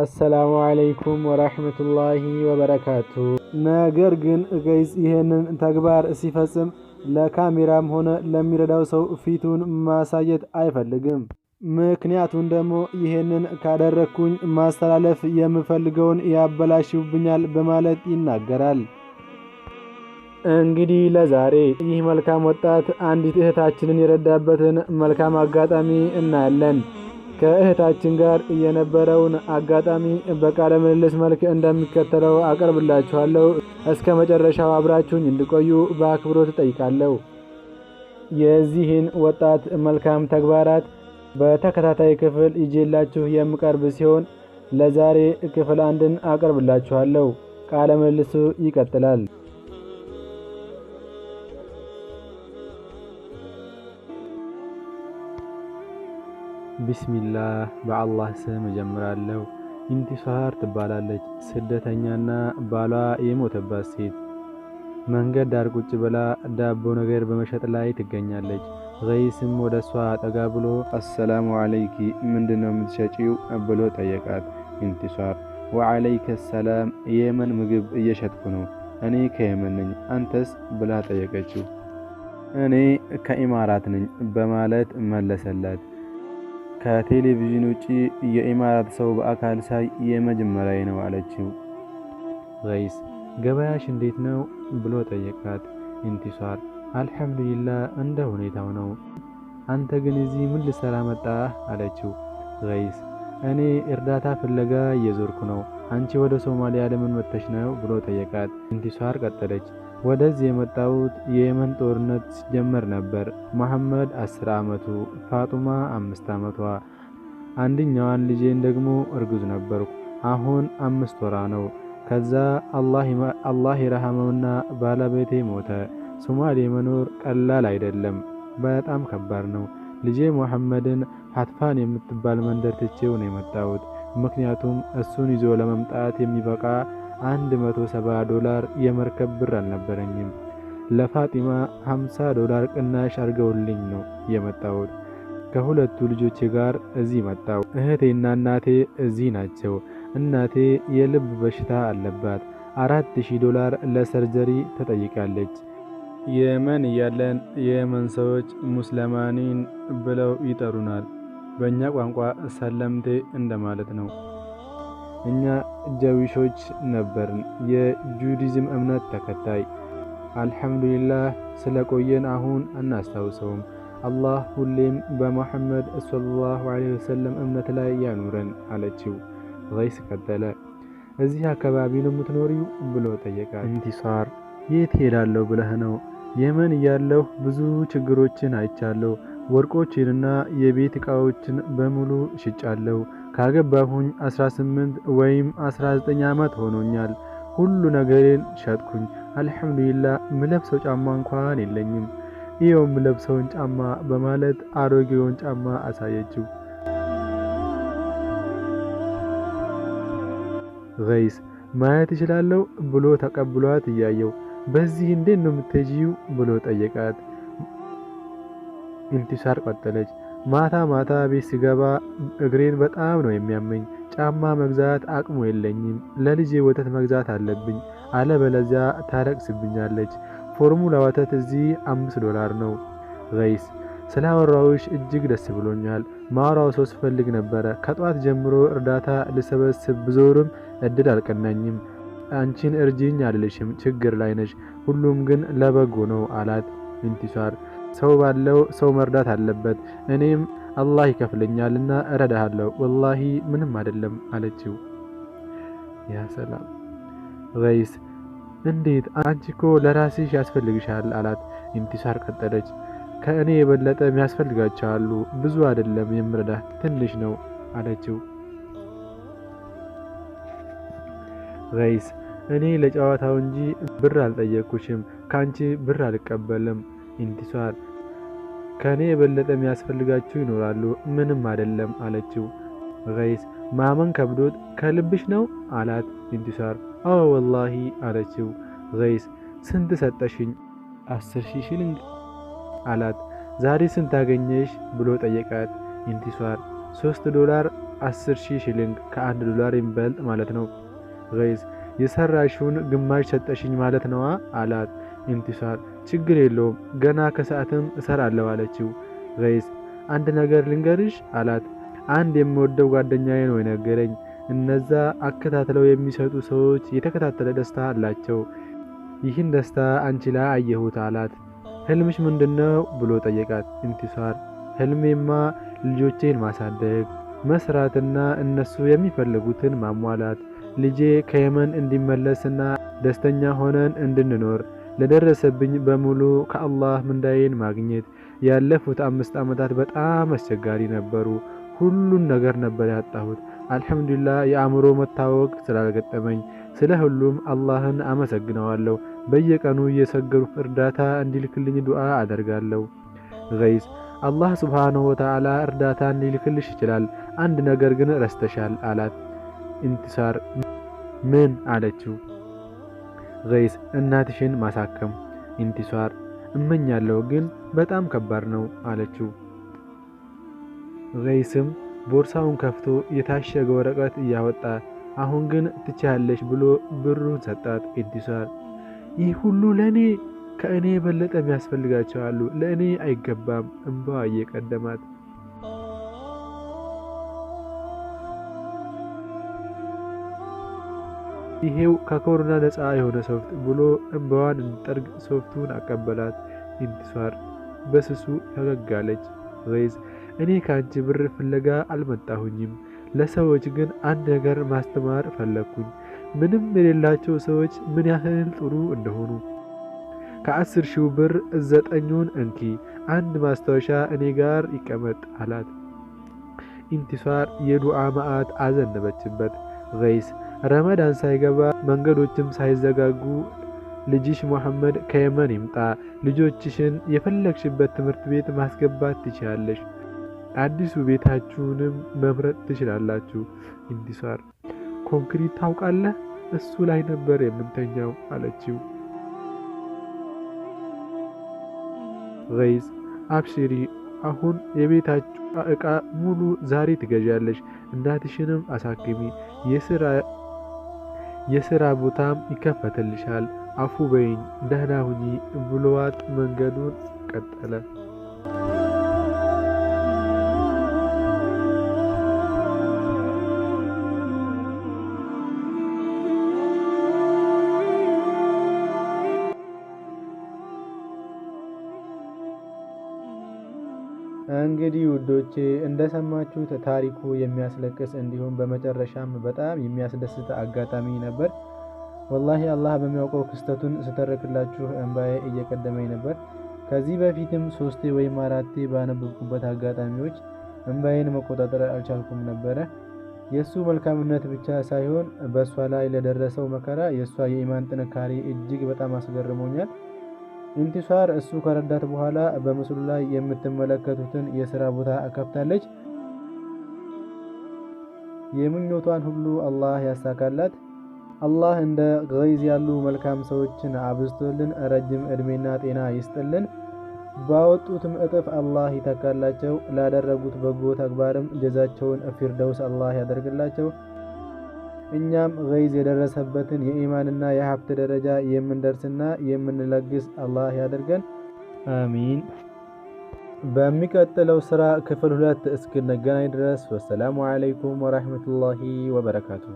አሰላሙ አለይኩም ወራህመቱላሂ ወበረካቱ። ነገር ግን ገይዝ ይህንን ተግባር ሲፈጽም ለካሜራም ሆነ ለሚረዳው ሰው ፊቱን ማሳየት አይፈልግም። ምክንያቱም ደግሞ ይህንን ካደረግኩኝ ማስተላለፍ የምፈልገውን ያበላሽብኛል በማለት ይናገራል። እንግዲህ ለዛሬ ይህ መልካም ወጣት አንዲት እህታችንን የረዳበትን መልካም አጋጣሚ እናያለን። ከእህታችን ጋር የነበረውን አጋጣሚ በቃለ ምልልስ መልክ እንደሚከተለው አቀርብላችኋለሁ። እስከ መጨረሻው አብራችሁኝ እንዲቆዩ በአክብሮት እጠይቃለሁ። የዚህን ወጣት መልካም ተግባራት በተከታታይ ክፍል ይዤላችሁ የምቀርብ ሲሆን ለዛሬ ክፍል አንድን አቀርብላችኋለሁ። ቃለ ምልልሱ ይቀጥላል። ቢስሚላህ በአላህ ስም እጀምራለሁ። ኢንቲሷር ትባላለች። ስደተኛና ባሏ የሞተባት ሴት መንገድ ዳር ቁጭ ብላ ዳቦ ነገር በመሸጥ ላይ ትገኛለች። ገይስም ወደ እሷ ጠጋ ብሎ አሰላሙ አለይኪ ምንድነው የምትሸጪው ብሎ ጠየቃት። ኢንቲሷር ወአለይከ ሰላም የየመን ምግብ እየሸጥኩ ነው፣ እኔ ከየመን ነኝ፣ አንተስ ብላ ጠየቀችው። እኔ ከኢማራት ነኝ በማለት መለሰላት። ከቴሌቪዥን ውጪ የኢማራት ሰው በአካል ሳይ የመጀመሪያ ነው አለችው። ረይስ ገበያሽ እንዴት ነው ብሎ ጠየቃት። ኢንቲሷር አልሐምዱሊላ እንደ ሁኔታው ነው። አንተ ግን እዚህ ምን ልሰራ መጣ አለችው። ረይስ እኔ እርዳታ ፍለጋ እየዞርኩ ነው። አንቺ ወደ ሶማሊያ ለምን መጥተሽ ነው? ብሎ ጠየቃት። ኢንቲሷር ቀጠለች። ወደዚህ የመጣሁት የየመን ጦርነት ሲጀመር ነበር። መሐመድ አስር ዓመቱ፣ ፋጡማ አምስት ዓመቷ፣ አንድኛዋን ልጄን ደግሞ እርግዝ ነበርኩ። አሁን አምስት ወራ ነው። ከዛ አላህ የረሃመውና ባለቤቴ ሞተ። ሶማሌ መኖር ቀላል አይደለም፣ በጣም ከባድ ነው። ልጄ መሐመድን ሀትፋን የምትባል መንደር ትቼው ነው የመጣሁት። ምክንያቱም እሱን ይዞ ለመምጣት የሚበቃ 170 ዶላር የመርከብ ብር አልነበረኝም። ለፋጢማ 50 ዶላር ቅናሽ አድርገውልኝ ነው የመጣሁት። ከሁለቱ ልጆቼ ጋር እዚህ መጣሁ። እህቴና እናቴ እዚህ ናቸው። እናቴ የልብ በሽታ አለባት። 4000 ዶላር ለሰርጀሪ ተጠይቃለች። የመን እያለን የየመን ሰዎች ሙስለማኒን ብለው ይጠሩናል። በእኛ ቋንቋ ሰለምቴ እንደማለት ነው። እኛ ጃዊሾች ነበርን፣ የጁዲዝም እምነት ተከታይ። አልሐምዱሊላህ ስለቆየን አሁን አናስታውሰውም። አላህ ሁሌም በሙሐመድ ሰለላሁ ዐለይሂ ወሰለም እምነት ላይ ያኑረን አለችው። ቀይስ ቀጠለ። እዚህ አካባቢ ነው የምትኖሪው ብሎ ጠየቃት። እንቲሳር የት ሄዳለሁ ብለህ ነው? የመን እያለሁ ብዙ ችግሮችን አይቻለሁ ወርቆችንና የቤት ዕቃዎችን በሙሉ ሽጫለሁ። ካገባሁኝ 18 ወይም 19 ዓመት ሆኖኛል። ሁሉ ነገሬን ሸጥኩኝ። አልሐምዱሊላ ምለብሰው ጫማ እንኳን የለኝም። ይኸውም ምለብሰውን ጫማ በማለት አሮጌውን ጫማ አሳየችው። ገይስ ማየት እችላለሁ ብሎ ተቀብሏት እያየው በዚህ እንዴት ነው የምትሄጂው ብሎ ጠየቃት። ኢንቲሳር ቀጠለች። ማታ ማታ ቤት ሲገባ እግሬን በጣም ነው የሚያመኝ። ጫማ መግዛት አቅሙ የለኝም። ለልጄ ወተት መግዛት አለብኝ፣ አለበለዚያ ታለቅስብኛለች። ፎርሙላ ወተት እዚህ አምስት ዶላር ነው። ገይስ ስላወራውሽ እጅግ ደስ ብሎኛል። ማውራው ሰው ስፈልግ ነበረ። ከጧት ጀምሮ እርዳታ ልሰበስብ ብዞርም እድል አልቀናኝም። አንቺን እርጂኝ አልልሽም፣ ችግር ላይ ነሽ። ሁሉም ግን ለበጎ ነው አላት ኢንቲሳር ሰው ባለው ሰው መርዳት አለበት። እኔም አላህ ይከፍለኛልና እረዳሃለሁ፣ ወላሂ ምንም አይደለም አለችው። ያ ሰላም ረይስ እንዴት አንቺ እኮ ለራስሽ ያስፈልግሻል አላት። ኢንቲሳር ቀጠለች። ከእኔ የበለጠ የሚያስፈልጋቸዋሉ ብዙ አይደለም የምረዳህ ትንሽ ነው አለችው። ገይስ እኔ ለጨዋታው እንጂ ብር አልጠየቅኩሽም፣ ከአንቺ ብር አልቀበልም ኢንቲሷር ከእኔ የበለጠ የሚያስፈልጋችሁ ይኖራሉ፣ ምንም አይደለም አለችው። ገይስ ማመን ከብዶት ከልብሽ ነው አላት። ኢንቲሷር አዎ ወላሂ አለችው። ገይስ ስንት ሰጠሽኝ? አስር ሺህ ሽልንግ አላት። ዛሬ ስንት አገኘሽ ብሎ ጠየቃት። ኢንቲሷር ሶስት ዶላር አስር ሺህ ሽልንግ ከአንድ ዶላር የሚበልጥ ማለት ነው። ገይስ የሰራሽውን ግማሽ ሰጠሽኝ ማለት ነዋ አላት። ኢንቲሷር ችግር የለውም ገና ከሰዓትም እሰራለሁ አለችው። ሬይስ አንድ ነገር ልንገርሽ አላት። አንድ የምወደው ጓደኛዬ ነው የነገረኝ። እነዛ አከታትለው የሚሰጡ ሰዎች የተከታተለ ደስታ አላቸው። ይህን ደስታ አንቺ ላይ አየሁት አላት። ህልምሽ ምንድነው ብሎ ጠየቃት። ኢንቲሷር፣ ህልሜማ ልጆቼን ማሳደግ፣ መስራትና እነሱ የሚፈልጉትን ማሟላት፣ ልጄ ከየመን እንዲመለስና ደስተኛ ሆነን እንድንኖር ለደረሰብኝ በሙሉ ከአላህ ምንዳዬን ማግኘት። ያለፉት አምስት ዓመታት በጣም አስቸጋሪ ነበሩ። ሁሉን ነገር ነበር ያጣሁት። አልሐምዱሊላህ የአእምሮ መታወቅ ስላልገጠመኝ ስለ ሁሉም አላህን አመሰግነዋለሁ። በየቀኑ እየሰገድኩ እርዳታ እንዲልክልኝ ዱዓ አደርጋለሁ። ገይዝ አላህ ስብሓንሁ ወተዓላ እርዳታን ሊልክልሽ ይችላል። አንድ ነገር ግን ረስተሻል አላት። ኢንትሳር ምን አለችው? ዘይስ እናትሽን ማሳከም ኢንቲሷር እመኛለሁ፣ ግን በጣም ከባድ ነው አለችው። ዘይስም ቦርሳውን ከፍቶ የታሸገ ወረቀት እያወጣ አሁን ግን ትችያለሽ ብሎ ብሩን ሰጣት። ኢንቲሷር ይህ ሁሉ ለእኔ ከእኔ የበለጠ የሚያስፈልጋቸው አሉ፣ ለእኔ አይገባም። እንባዋ እየቀደማት ይሄው ከኮሮና ነፃ የሆነ ሶፍት ብሎ እምባዋን እንጠርግ ሶፍቱን አቀበላት። ኢንቲሷር በስሱ ፈገጋለች። ሬዝ እኔ ከአንቺ ብር ፍለጋ አልመጣሁኝም፣ ለሰዎች ግን አንድ ነገር ማስተማር ፈለግኩኝ፣ ምንም የሌላቸው ሰዎች ምን ያህል ጥሩ እንደሆኑ። ከአስር ሺው ብር ዘጠኙን እንኪ፣ አንድ ማስታወሻ እኔ ጋር ይቀመጥ አላት። ኢንቲሷር የዱዓ ማዕት አዘነበችበት። ሬዝ ረመዳን ሳይገባ መንገዶችም ሳይዘጋጉ ልጅሽ መሐመድ ከየመን ይምጣ፣ ልጆችሽን የፈለግሽበት ትምህርት ቤት ማስገባት ትችላለሽ፣ አዲሱ ቤታችሁንም መምረጥ ትችላላችሁ። ኢንቲሳር ኮንክሪት ታውቃለህ? እሱ ላይ ነበር የምንተኛው አለችው። ገይዝ አብሽሪ፣ አሁን የቤታችሁ እቃ ሙሉ ዛሬ ትገዣለሽ። እናትሽንም አሳክሚ የስራ የሥራ ቦታም ይከፈትልሻል፣ አፉ በይኝ፣ ደህና ሁኚ ብሎዋት መንገዱን ቀጠለ። እንግዲህ ውዶቼ እንደሰማችሁት ታሪኩ የሚያስለቅስ እንዲሁም በመጨረሻም በጣም የሚያስደስት አጋጣሚ ነበር። ወላሂ አላህ በሚያውቀው ክስተቱን ስተረክላችሁ እንባዬ እየቀደመኝ ነበር። ከዚህ በፊትም ሶስቴ ወይም አራቴ ባነበብኩበት አጋጣሚዎች እንባዬን መቆጣጠር አልቻልኩም ነበረ። የእሱ መልካምነት ብቻ ሳይሆን በእሷ ላይ ለደረሰው መከራ የእሷ የኢማን ጥንካሬ እጅግ በጣም አስገርሞኛል። ኢንቲሷር እሱ ከረዳት በኋላ በምስሉ ላይ የምትመለከቱትን የስራ ቦታ ከፍታለች። የምኞቷን ሁሉ አላህ ያሳካላት። አላህ እንደ ገይዝ ያሉ መልካም ሰዎችን አብዝቶልን ረጅም ዕድሜና ጤና ይስጥልን። ባወጡትም እጥፍ አላህ ይተካላቸው። ላደረጉት በጎ ተግባርም ጀዛቸውን ፊርደውስ አላህ ያደርግላቸው። እኛም ገይዝ የደረሰበትን የኢማንና የሀብት ደረጃ የምንደርስና የምንለግስ አላህ ያደርገን። አሚን። በሚቀጥለው ስራ ክፍል ሁለት እስክንገናኝ ድረስ ወሰላሙ አለይኩም ወራህመቱላሂ ወበረካቱ።